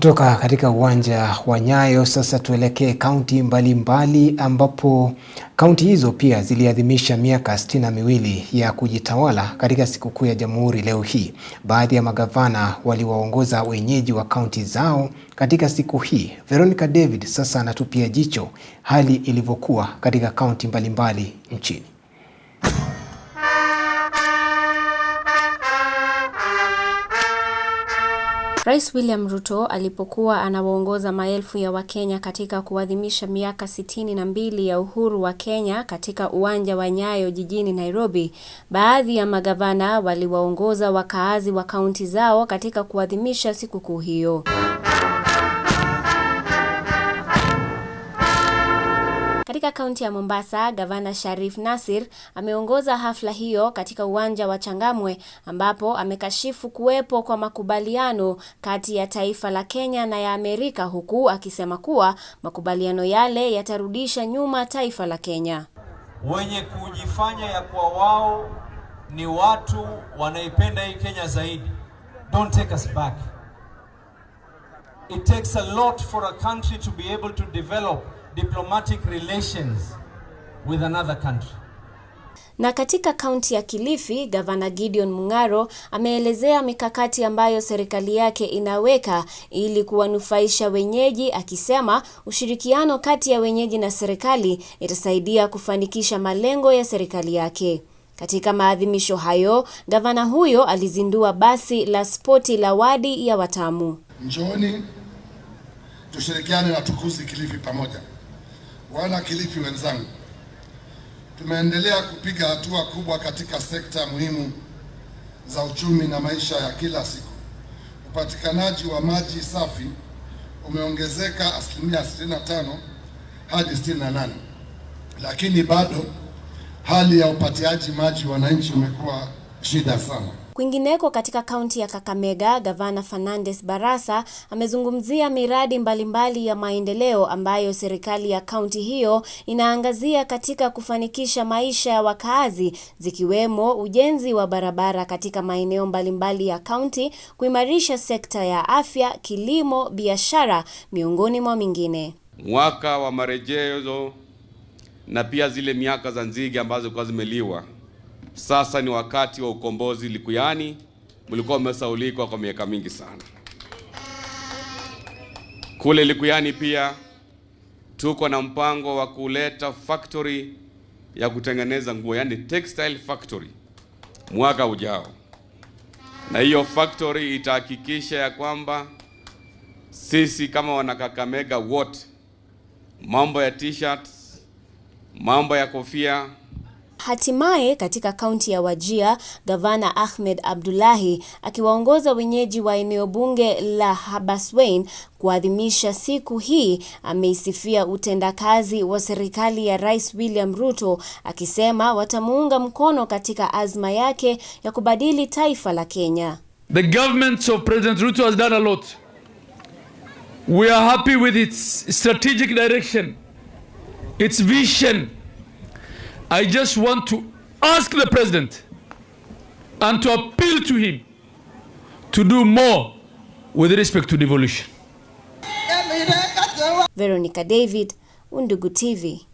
Kutoka katika uwanja wa Nyayo sasa tuelekee kaunti mbalimbali ambapo kaunti hizo pia ziliadhimisha miaka sitini na miwili ya kujitawala katika sikukuu ya Jamhuri leo hii. Baadhi ya magavana waliwaongoza wenyeji wa kaunti zao katika siku hii. Veronica David sasa anatupia jicho hali ilivyokuwa katika kaunti mbalimbali nchini. Rais William Ruto alipokuwa anawaongoza maelfu ya Wakenya katika kuadhimisha miaka sitini na mbili ya uhuru wa Kenya katika uwanja wa Nyayo jijini Nairobi, baadhi ya magavana waliwaongoza wakaazi wa kaunti zao katika kuadhimisha sikukuu hiyo. Katika kaunti ya Mombasa, Gavana Sharif nasir ameongoza hafla hiyo katika uwanja wa Changamwe ambapo amekashifu kuwepo kwa makubaliano kati ya taifa la Kenya na ya Amerika huku akisema kuwa makubaliano yale yatarudisha nyuma taifa la Kenya. Wenye kujifanya ya kuwa wao ni watu wanaipenda hii Kenya zaidi. Don't take us back. It takes a lot for a country to be able to develop diplomatic relations with another country. Na katika kaunti ya Kilifi, Gavana Gideon Mung'aro ameelezea mikakati ambayo serikali yake inaweka ili kuwanufaisha wenyeji, akisema ushirikiano kati ya wenyeji na serikali itasaidia kufanikisha malengo ya serikali yake. Katika maadhimisho hayo, gavana huyo alizindua basi la spoti la wadi ya Watamu. Njooni tushirikiane na tukuzi Kilifi pamoja wana Kilifi wenzangu, tumeendelea kupiga hatua kubwa katika sekta muhimu za uchumi na maisha ya kila siku. Upatikanaji wa maji safi umeongezeka asilimia 65 hadi 68, lakini bado hali ya upatiaji maji wananchi umekuwa shida sana. Kwingineko katika kaunti ya Kakamega, Gavana Fernandes Barasa amezungumzia miradi mbalimbali mbali ya maendeleo ambayo serikali ya kaunti hiyo inaangazia katika kufanikisha maisha ya wakaazi, zikiwemo ujenzi wa barabara katika maeneo mbalimbali ya kaunti, kuimarisha sekta ya afya, kilimo, biashara, miongoni mwa mingine. Mwaka wa marejezo na pia zile miaka za nzige ambazo kwa zimeliwa sasa ni wakati wa ukombozi Likuyani, mlikuwa mmesaulikwa kwa miaka mingi sana. Kule Likuyani pia tuko na mpango wa kuleta factory ya kutengeneza nguo, yani textile factory mwaka ujao, na hiyo factory itahakikisha ya kwamba sisi kama wanakakamega wote, mambo ya t-shirts, mambo ya kofia Hatimaye katika kaunti ya Wajir, gavana Ahmed Abdullahi akiwaongoza wenyeji wa eneo bunge la Habaswein kuadhimisha siku hii, ameisifia utendakazi wa serikali ya Rais William Ruto akisema watamuunga mkono katika azma yake ya kubadili taifa la Kenya. The government of President Ruto has done a lot. We are happy with its strategic direction, its vision I just want to ask the president and to appeal to him to do more with respect to devolution. Veronica David, Undugu TV.